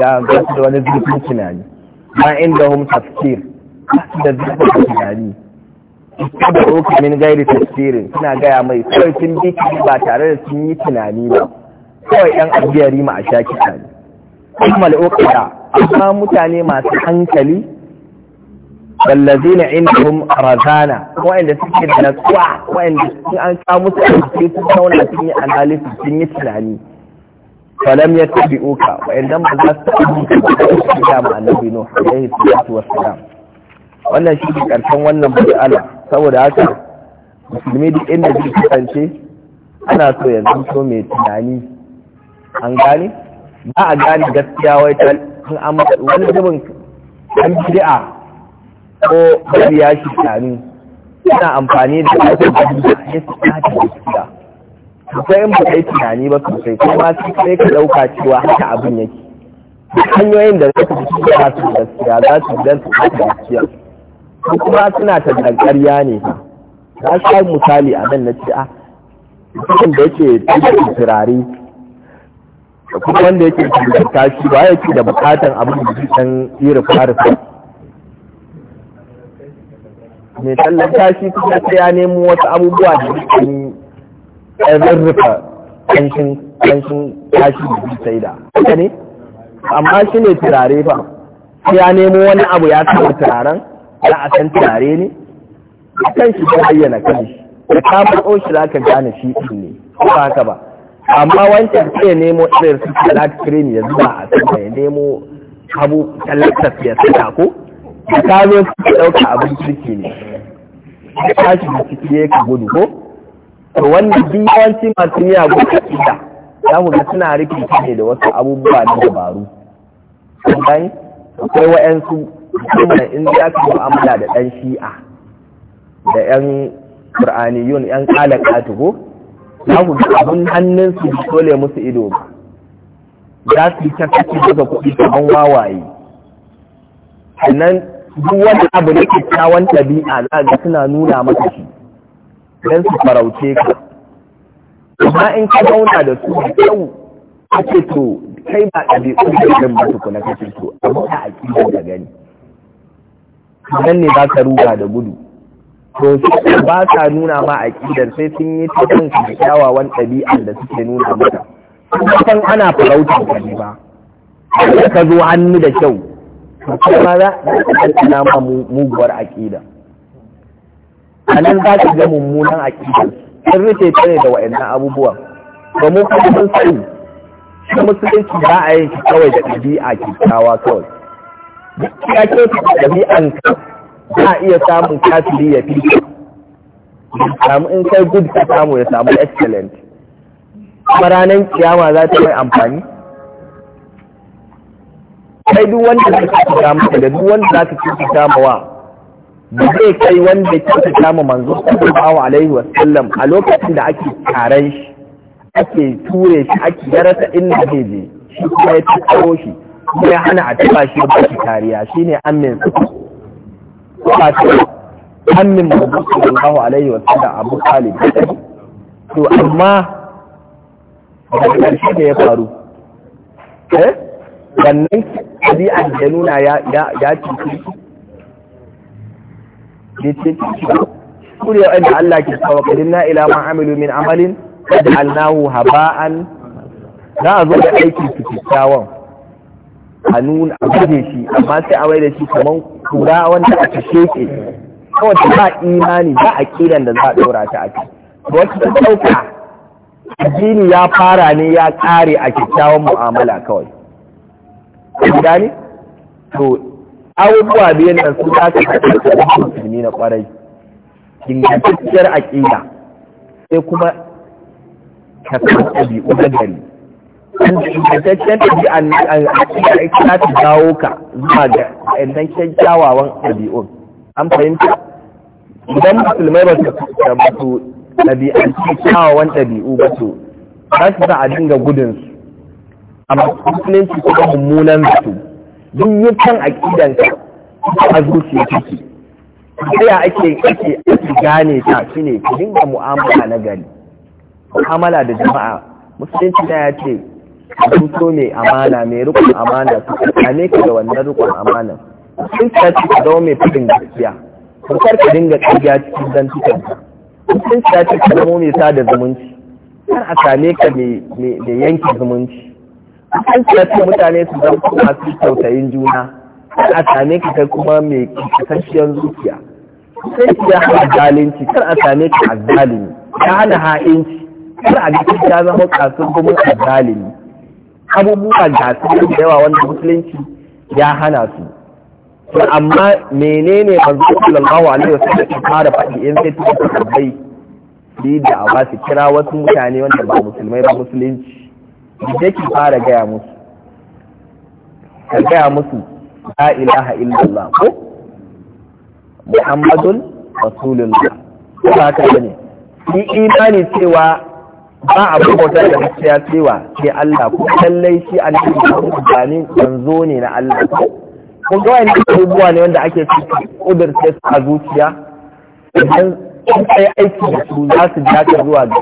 S1: da gasu da wani zurfin tunani ba inda hum tafsir Kasu da zurfin tunani kada roka min gairi tafsirin suna gaya mai kawai sun bi ba tare da sun yi tunani ba kawai yan abiyari ma a sha kisa ne kuma amma mutane masu hankali wallazina indahum razana wa'anda suke da natsuwa wa'anda sun an ka musu cikin su kauna sun yi analysis sun yi tunani falam uka wa'annan ba za su amince da ma annabi nuh alaihi salatu wassalam wannan shi ne karshen wannan ala, saboda haka musulmi duk inda zai kasance ana so ya zanto mai tunani an gane ba a gane gaskiya wai ta an wani zubin an bid'a ko ya shi tani suna amfani da ƙasar da ya su da gaskiya akwai in ba kai tunani ba sosai ko ma kai ka ɗauka cewa haka abin yake hanyoyin da za su fi ba su gaskiya za su dan su kata gaskiya ko kuma suna ta ƙarya ne na sha misali a nan na ce a ah, mutum da yake tuka turare da kuma wanda yake tuka shi ba ya ce da bukatan abin da zai dan yi rufa mai tallan shi kuma sai ya nemo wasu abubuwa da a rurrufa kanshin kanshin tashi da sai da haka ne amma shi ne turare fa sai ya nemo wani abu ya kama turaren za a san turare ne kan shi ta bayyana kan shi da kama ɗoshi shi za ka gane shi ɗin ne ko haka ba
S2: amma wancan sai nemo irin su salat cream ya zuba a sama
S1: nemo abu tallatar ya ta, ko da ka zo ka ɗauka abin kirki ne Ya tashi da ciki ya ka gudu ko to wannan duk yawanci masu miyagun aƙida za mu ga suna rikici ne da wasu abubuwa na dabaru kun akwai wa'yansu musamman in za ka mu'amala da ɗan shi'a da ƴan ƙur'aniyun ƴan ƙalan ƙatugo za ku ga abin hannunsu da dole musu ido ba za su yi ta kake daga kuɗi kaman wawaye sannan duk wani abu da kyakkyawan ɗabi'a za ga suna nuna maka shi don su farauce ka amma in ka zauna da su da kyau ce to kai ba ɗabi'un da irin ba su kuna kake to abu a da gani nan ne za ka ruga da gudu to su ba sa nuna ma a aƙidar sai sun yi ta kan su kyawawan ɗabi'an da suke nuna maka kuma ana farautar ka ne ba ka zo hannu da kyau to kuma za a kana ma muguwar aƙida
S2: a nan za ka ga
S1: mummunan aƙida sun rufe ta ne da wa'annan abubuwan ba mu kuma sun sani shi musulunci ba a yin shi kawai da ɗabi'a kyakkyawa kawai duk ya ke ta ɗabi'an ka za a iya samun kafiri ya fi samu in kai good ka samu ya samu excellent
S2: kuma ranar kiyama
S1: za ta mai amfani kai duk wanda za ka fita mu da duk wanda za ka fita mawa ba zai kai wanda ya fita mu manzo sallallahu alaihi wa sallam a lokacin da ake taran shi ake ture shi ake yarasa inda zai je shi kuma ya tsaro shi
S2: kuma ya hana a taba
S1: shi ba shi kariya shine amin su ko a ce amin manzo sallallahu alaihi wa sallam Abu Talib to amma
S2: da ƙarshe da ya faru
S1: eh wannan ɗabi'ar da nuna ya cikin da cikin ku ne wa'anda Allah ke kawo kadin na ila ma amilu min amalin da alnahu haba'an za a zo da aiki su kyakkyawan a nuna a gaje shi amma sai a wai da shi kamar kura wanda aka sheke kawai ta ba imani ba a kiran da za a ɗora ta a ciki wata ta ɗauka addini ya fara ne ya ƙare a kyakkyawan mu'amala kawai gani to abubuwa biyan nan su za ka kasance musulmi na kwarai ingantacciyar aƙida sai kuma ka samu ɗabi'u na gari ingantacciyar ɗabi'an aƙida za ta dawo ka zuwa ga ingantacciyar kyakkyawawan ɗabi'un an fahimta
S2: idan musulmai ba
S1: su ɗabi'an kyawawan ɗabi'u ba to za su sa a dinga gudunsu amma musulunci kuma mummunan zato duk yankan aƙidanka a zuciya take tsaya ake ake ake gane ta shine ku dinga mu'amala na gari mu'amala da jama'a musulunci ta ya ce zuto ne amana mai rikon amana su kame ka da wannan rikon amana sun ta ce ka zama mai fadin gaskiya kar ka dinga ƙarya cikin zantukanka sun ta ce ka zama mai sada zumunci
S2: kar a same ka
S1: mai yanke zumunci an ce mutane su zama masu kyautayin juna kar a same ka kai kuma mai kasashiyar zuciya
S2: sai ki ya hana
S1: zalunci kar a same ka azzalimi ka hana ha'inci kar a ga ya zama kasun gumin azzalimi abubuwa ga su da yawa wanda musulunci ya hana su to amma menene manzo sallallahu alaihi wasallam ya fara faɗi in sai tuka tabbai da awa su kira wasu mutane wanda ba musulmai ba musulunci da ki fara gaya musu ka gaya musu la ilaha illallah ko muhammadun rasulullah
S2: ko ka bane
S1: ni imani cewa
S2: ba a bauta da gaskiya
S1: cewa ke Allah ko kallai shi annabi Muhammad ba ne manzo ne na Allah kun ga wani abubuwa ne wanda ake ci kudur sai a zuciya idan kun kai aiki da su za su ja zuwa ga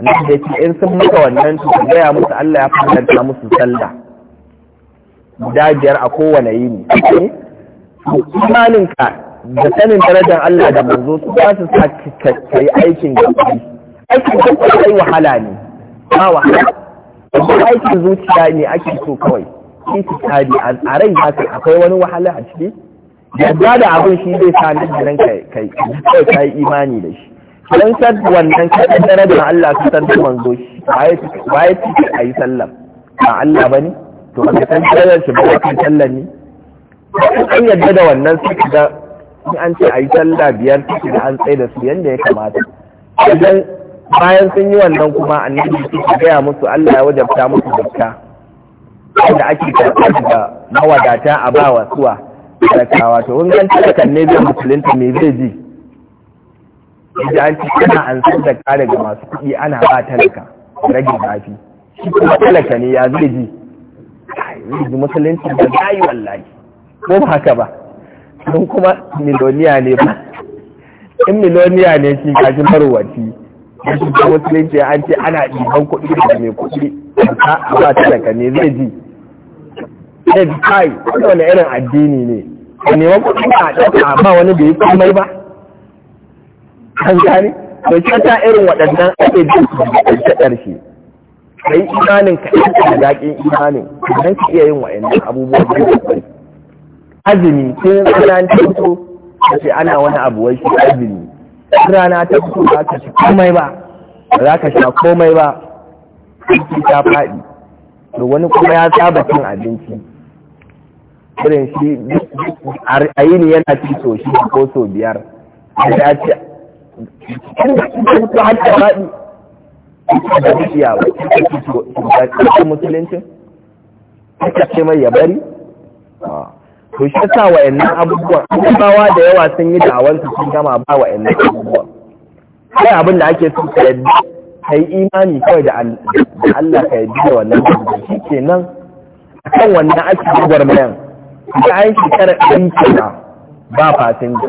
S1: annabi da ce in sun maka wannan su su gaya musu Allah ya fahimta musu sallah guda biyar a kowane yini imaninka da sanin darajar Allah da manzo su ba su sa ka yi aikin gaɓi aikin gaɓi sai wahala ne ba wahala
S2: ba aikin
S1: zuciya ne ake so kawai shi su tari a rai za ka akwai wani wahala a ciki yadda da abin shi zai sa nan ka yi imani da shi don san wannan kaɗan darajar Allah ka san manzo shi ba ya ci a yi sallam ba Allah ba ne to ka san darajar shi ba ya ci sallan ne an yadda da wannan su ga in an ce a yi sallah biyar su da an tsaye da su yadda ya kamata idan bayan sun yi wannan kuma annabi su gaya musu Allah ya wajabta musu dukka wanda ake karɓar da mawadata a ba wa suwa talakawa to in kan talakan ne zai musulunta me zai ji yadda an ce ana an san da kare ga masu kuɗi ana ba talaka rage zafi
S2: shi kuma talaka
S1: ne ya zai ji zai ji musulunci da gayi wallahi ko ba haka ba don kuma miloniya ne ba in miloniya ne shi gaji marwaci da shi da musulunci an ce ana ɗiban kuɗi da mai kuɗi a ba talaka ne zai ji zai ji kai wani irin addini ne a neman kuɗi a ɗauka ba wani bai yi komai ba an gane to irin waɗannan ake da ta ƙarshe kai imanin ka ga kin imanin dan ka iya yin waɗannan abubuwan da kai. azumi tun rana ta to sai ana wani abu wai shi azumi
S2: rana ta fito ba ka ci komai ba ba za ka sha komai
S1: ba ki ta faɗi to wani kuma ya saba cin abinci irin shi a yana ci so shi ko so biyar
S2: ya da bari
S1: to shi sa wa'annan abubuwan da yawa sun yi da'awansu sun gama ba wa'annan abubuwan Sai abin da ake so ka yi imani kawai da Allah ka yadda da wannan shi ke nan a kan wannan ake gwarmayan da an shekarar ɗin ba fasinja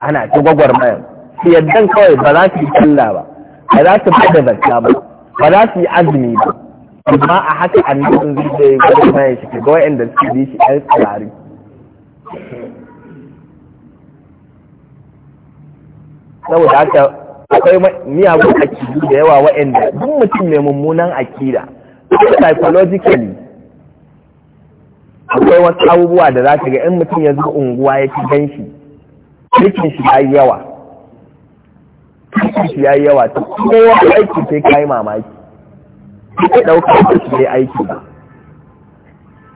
S1: ana ta gwagwarmayar, su yadda kawai ba za su yi sallah ba ba za su bada zakka ba ba za su yi azumi ba amma a haka annabin zai yi ya gwagwarmaya shi ga wa'anda su yi shi ɗan tsari. saboda haka akwai miyagun akidu da yawa wa'anda duk mutum mai mummunan akida psychologically akwai wasu abubuwa da za ka ga in mutum ya zo unguwa ya ci ganshi aikin shi yi yawa aikin shi yi yawa ta kuma kowa aiki sai kayi mamaki sai dauka shi yi aiki ba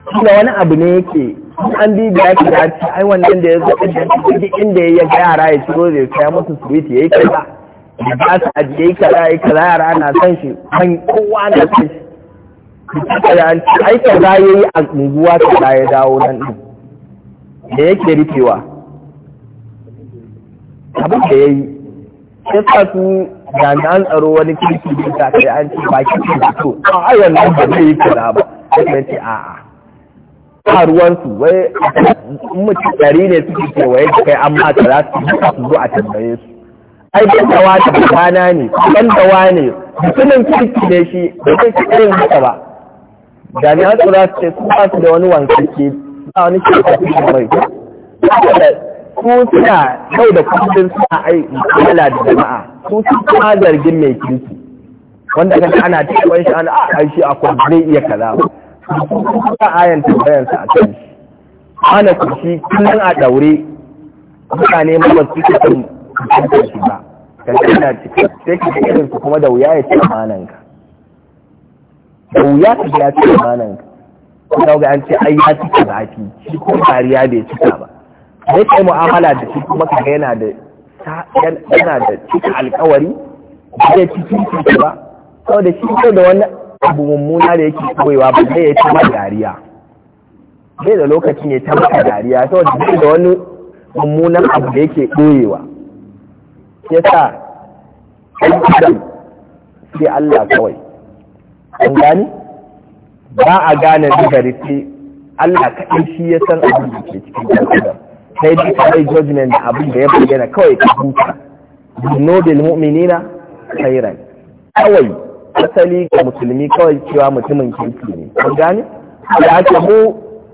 S1: kuma wani abu ne yake an bi da ke da ci ai wannan da ya zaɓi da duk inda ya yi yara ya ciro zai kai musu sweet yi kaza da ba su ajiye kaza yi kaza yara na san shi man kowa na san shi ai kaza yi a unguwa kaza ya dawo nan din da yake rikewa abin da ya yi ya sa su da an tsaro wani kirki da ta kai an ce ba ki ce to a nan ba zai yi kira ba sai ce a'a a ruwansu wai mutu ɗari ne suke kewaye da kai amma ta za su yi su zo a tambaye su ai ban da wata bana ne ban da wane mutumin kirki ne shi da zai ci irin haka ba jami'an tsaro su ce su ba su da wani wankake ba wani kirki mai su suna kai da kullum suna ai mu'amala da jama'a su su kuma zargin mai kirki wanda kan ana cewa shi ana ah, a shi akwai zai iya kaza ba su ayan tambayan sa a kan shi ana ku shi kullum a daure mutane ma ba su ke son shi ba kan kana cikin sai ka irin su kuma da wuya ya ce ka da wuya ka ya ce ka kuma ga an ce ai ya cika zafi shi ko kariya bai cika ba sai kai mu'amala da shi kuma kaga yana da yana da cikin alkawari zai ci cikin ba da shi ko da wani abu mummuna da yake kawaiwa ba zai yi ta dariya zai da lokacin ya ta maka dariya da bai da wani mummunan abu da yake koyewa ya sa ɗan adam sai Allah kawai an gani ba a gane nagari sai Allah kaɗai shi ya san abin da ke cikin ɗan adam sai dai ka mai judgment da abin da ya bayyana kawai ka huta mu'mini mu'minina khairan kawai asali ga musulmi kawai cewa mutumin kirki ne kun gane da aka mu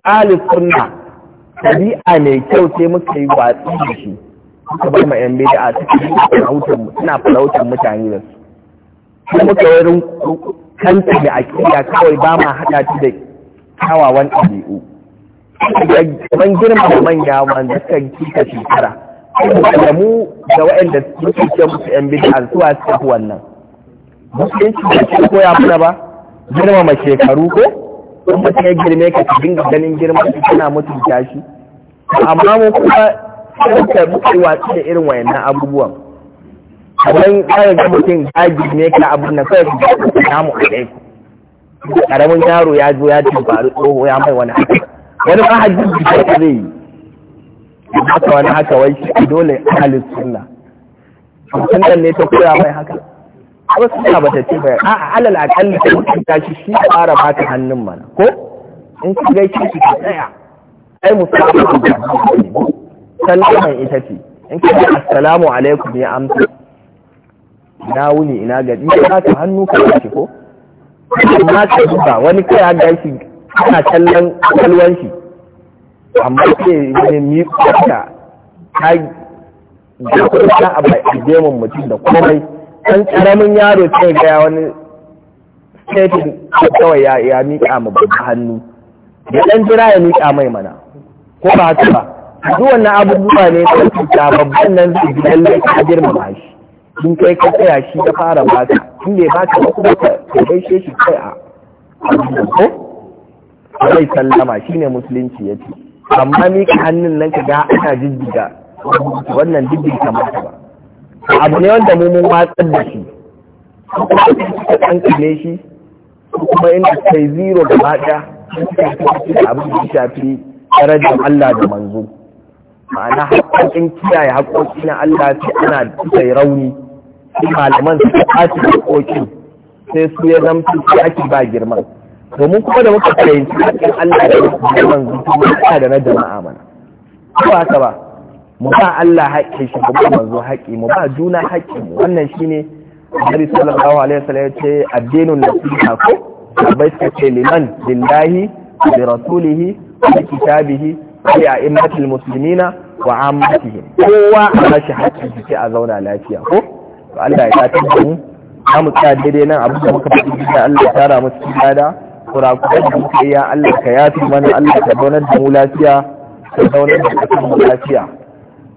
S1: Ali sunna tabi'a mai kyau sai muka yi watsi da shi muka bar ma yan mu suna farautar mutane da su sai muka yi kanta da akida kawai ba ma haɗa ta da kyawawan ɗabi'u ban girma da manya wanda suka kika shekara da mu da waɗanda suke ce musu yan bid'a su a cikin wannan musulunci da ke koya mana ba girmama shekaru ko kuma ta girme ka ta dinga ganin girma su kana mutunta shi amma mu kuma suka buɗe watsi da irin wayannan abubuwan kamar kawai ga mutum ya girme ka abin da kawai ka samu alaikum karamin yaro ya zo ya tumfaru tsoho ya mai wani haka wani ma hajjin ta zai yi haka wani haka wai shi dole ahalin sunna
S2: sunan ne ta koya mai
S1: haka su suna ba ta ce ba a alal akalli ta mutunta shi shi fara baka hannun mana ko in su gai shi ta tsaya ai musamman da sallaman ita ce in ka yi assalamu alaikum ya amsa na wuni ina gari ya ta hannu ka ce ko amma ka duba wani kai ya gashi ana kallon kalwan shi amma ce ne miƙa ta da kusa a bai ajemin mutum da komai
S2: ɗan ƙaramin yaro ce gaya
S1: wani stepin kawai ya miƙa mu babba hannu da ɗan jira ya miƙa mai mana ko ba haka ba duk wannan abubuwa ne da ta babban nan zai ji lallai ka girmama shi in kai ka tsaya shi ya fara baka in bai baka ba kuma ka gaishe shi kai a abin da ko zai sallama shine musulunci ya ce amma mika hannun nan ka ga ana jijjiga wannan dubbi kamata ba abu ne wanda mu mun watsar da shi an kame shi kuma inda kai zero da mata abin da shafi darajar Allah da manzo ma'ana haƙoƙin kiyaye haƙoƙi na Allah sai ana sai rauni malaman su ta ɓaci sai su ya zamta su ake ba girman domin kuma da muka fahimci hakkin Allah da zaman zuciya da na jama'a mana ko haka ba mu ba Allah haƙƙin shi kuma manzo haƙƙi mu ba juna haƙƙi mu wannan shine
S2: Annabi sallallahu
S1: alaihi wasallam ya ce addinun nasiha ko bai ka ce liman lillahi bi rasulihi bi kitabihi bi a'immatil muslimina wa ammatihim kowa a bashi haƙƙin jiki a zauna lafiya ko to Allah ya tabbata mu za mu tsaya daidai nan abin da muka faɗi da Allah ya tara mu cikin gada kurakurai da muka iya Allah ka yafi mana Allah ka zaunar da mu lafiya ka zaunar da kasar mu lafiya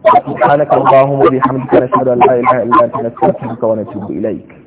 S1: سبحانك اللهم وبحمدك نشهد ان لا اله الا انت نستغفرك ونتوب اليك